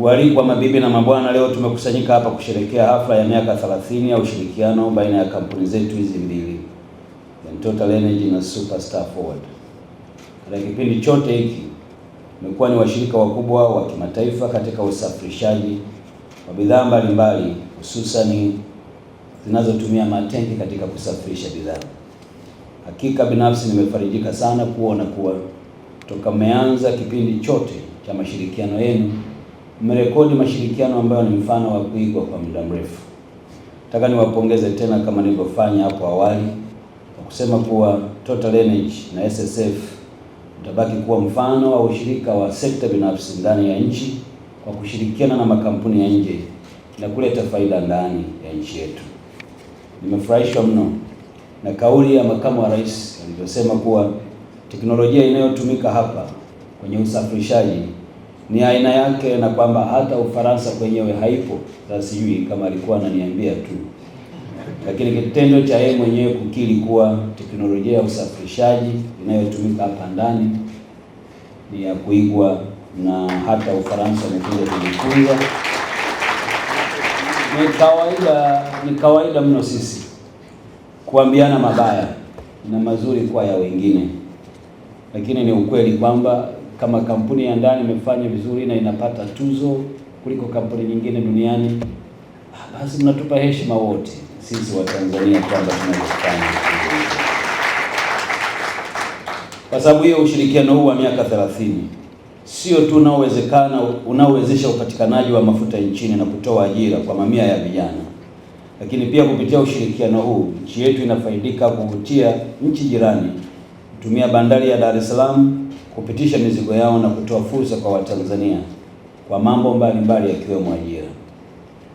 Waalikwa mabibi na mabwana, leo tumekusanyika hapa kusherehekea hafla ya miaka 30 ya ushirikiano baina ya kampuni zetu hizi mbili, Total Energy na Superstar Forward. Katika kipindi chote hiki tumekuwa ni washirika wakubwa wa kimataifa katika usafirishaji wa bidhaa mbalimbali, hususani zinazotumia matenki katika kusafirisha bidhaa. Hakika binafsi nimefarijika sana kuona kuwa toka mmeanza kipindi chote cha mashirikiano yenu mmerekodi mashirikiano ambayo ni mfano wa kuigwa kwa muda mrefu. Nataka niwapongeze tena kama nilivyofanya hapo awali kwa kusema kuwa Total Energy na SSF utabaki kuwa mfano wa ushirika wa sekta binafsi ndani ya nchi kwa kushirikiana na makampuni ya nje na kuleta faida ndani ya nchi yetu. Nimefurahishwa mno na kauli ya makamu wa rais alivyosema kuwa teknolojia inayotumika hapa kwenye usafirishaji ni aina yake, na kwamba hata Ufaransa kwenyewe haipo. Sasa sijui kama alikuwa ananiambia tu, lakini kitendo cha yeye mwenyewe kukiri kuwa teknolojia ya usafirishaji inayotumika hapa ndani ni ya kuigwa na hata Ufaransa wamekuja kujifunza. Ni kawaida, ni kawaida mno sisi kuambiana mabaya na mazuri kwa ya wengine, lakini ni ukweli kwamba kama kampuni ya ndani imefanya vizuri na inapata tuzo kuliko kampuni nyingine duniani, basi mnatupa heshima wote sisi wa Tanzania kwamba tunafanya. Kwa sababu hiyo ushirikiano huu wa miaka 30 sio tu unaowezekana unaowezesha upatikanaji wa mafuta nchini na kutoa ajira kwa mamia ya vijana, lakini pia kupitia ushirikiano huu nchi yetu inafaidika kuvutia nchi jirani kutumia bandari ya Dar es Salaam kupitisha mizigo yao na kutoa fursa kwa Watanzania kwa mambo mbalimbali yakiwemo ajira.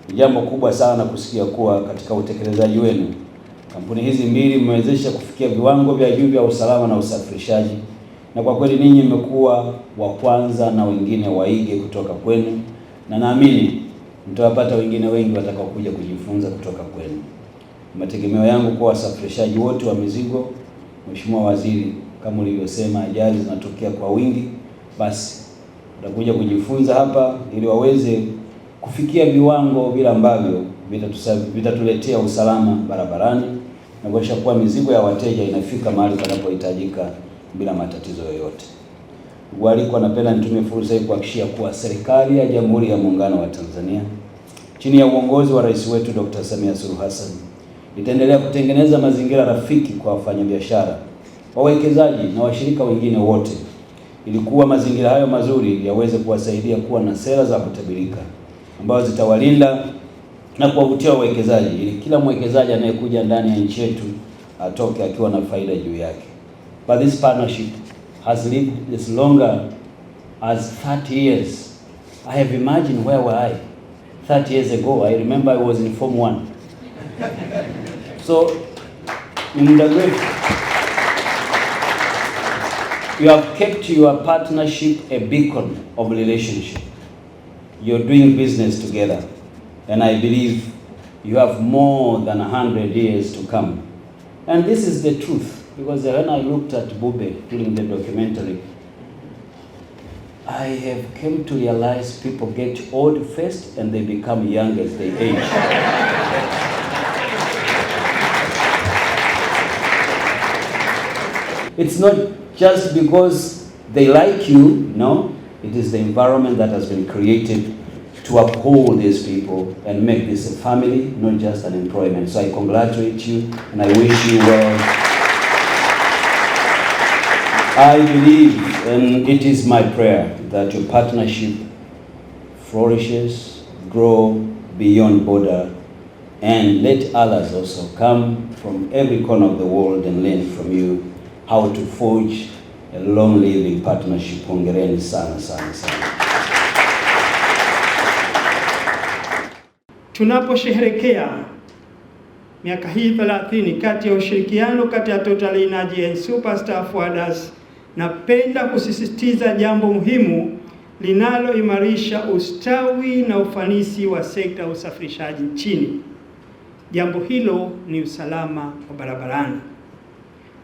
Ni jambo kubwa sana kusikia kuwa katika utekelezaji wenu kampuni hizi mbili mmewezesha kufikia viwango vya juu vya usalama na usafirishaji, na kwa kweli ninyi mmekuwa wa kwanza na wengine waige kutoka kwenu, na naamini mtawapata wengine wengi watakaokuja kujifunza kutoka kwenu. Mategemeo yangu kwa wasafirishaji wote wa mizigo, Mheshimiwa Waziri, kama ulivyosema, ajali zinatokea kwa wingi, basi utakuja kujifunza hapa ili waweze kufikia viwango vile ambavyo vitatuletea usalama barabarani na kuhakikisha kuwa mizigo ya wateja inafika mahali panapohitajika bila matatizo yoyote. Waliko, napenda nitumie fursa hii kuhakikishia kuwa serikali ya Jamhuri ya Muungano wa Tanzania chini ya uongozi wa rais wetu Dr. Samia Suluhu Hassan itaendelea kutengeneza mazingira rafiki kwa wafanyabiashara wawekezaji na washirika wengine wote, ilikuwa mazingira hayo mazuri yaweze kuwasaidia kuwa na sera za kutabirika ambazo zitawalinda na kuwavutia wawekezaji, ili kila mwekezaji anayekuja ndani ya nchi yetu atoke akiwa na faida juu yake. But this partnership has lived as longer as 30 years. I have imagined where were I 30 years ago. I remember I was in form 1. So ni muda mrefu You have kept your partnership a beacon of relationship. You're doing business together. And I believe you have more than 100 years to come. And this is the truth, because when I looked at Bube during the documentary, I have come to realize people get old first and they become young as they age. it's not just because they like you. No, it is the environment that has been created to uphold these people and make this a family, not just an employment. So I congratulate you and I wish you well. I believe, and it is my prayer, that your partnership flourishes, grow beyond border, and let others also come from every corner of the world and learn from you how to forge a long living partnership. Hongereni sana sana sana. Tunaposherehekea miaka hii 30 kati ya ushirikiano kati ya Total Energy and Superstar Fuadasi, napenda kusisitiza jambo muhimu linaloimarisha ustawi na ufanisi wa sekta ya usafirishaji nchini. Jambo hilo ni usalama wa barabarani.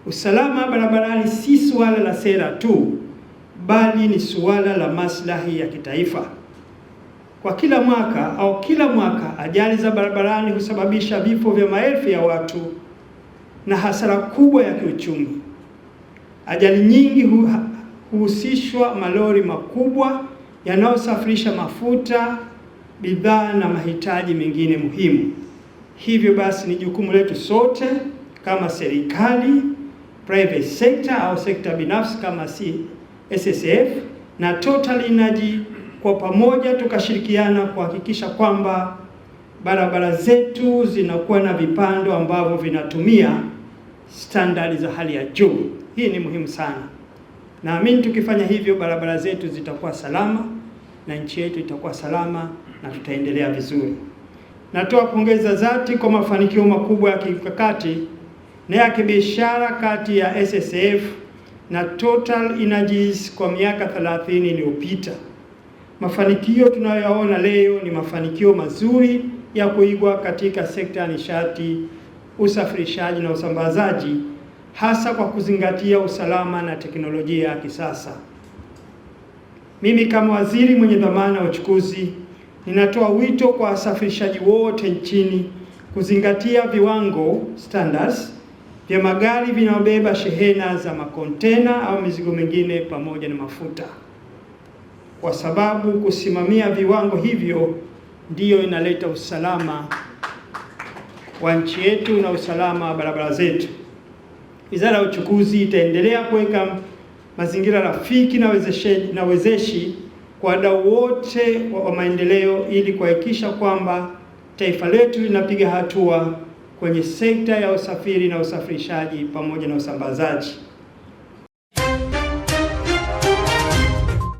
Usalama barabarani si suala la sera tu, bali ni suala la maslahi ya kitaifa. Kwa kila mwaka au kila mwaka, ajali za barabarani husababisha vifo vya maelfu ya watu na hasara kubwa ya kiuchumi. Ajali nyingi huhusishwa malori makubwa yanayosafirisha mafuta, bidhaa na mahitaji mengine muhimu. Hivyo basi, ni jukumu letu sote kama serikali private sector au sekta binafsi kama si SSF na Total Energy kwa pamoja tukashirikiana kuhakikisha kwamba barabara zetu zinakuwa na vipando ambavyo vinatumia standardi za hali ya juu. Hii ni muhimu sana. Naamini tukifanya hivyo barabara zetu zitakuwa salama na nchi yetu itakuwa salama na tutaendelea vizuri. Natoa pongeza dhati kwa mafanikio makubwa ya kimkakati na ya kibiashara kati ya SSF na Total Energies kwa miaka 30 iliyopita. Mafanikio tunayoyaona leo ni mafanikio mazuri ya kuigwa katika sekta ya nishati, usafirishaji na usambazaji, hasa kwa kuzingatia usalama na teknolojia ya kisasa. Mimi kama waziri mwenye dhamana ya uchukuzi, ninatoa wito kwa wasafirishaji wote nchini kuzingatia viwango standards vya magari vinayobeba shehena za makontena au mizigo mingine pamoja na mafuta, kwa sababu kusimamia viwango hivyo ndiyo inaleta usalama wa nchi yetu na usalama wa barabara zetu. Wizara ya Uchukuzi itaendelea kuweka mazingira rafiki na wezeshi, na wezeshi kwa wadau wote wa maendeleo ili kuhakikisha kwamba taifa letu linapiga hatua kwenye sekta ya usafiri na usafirishaji pamoja na usambazaji.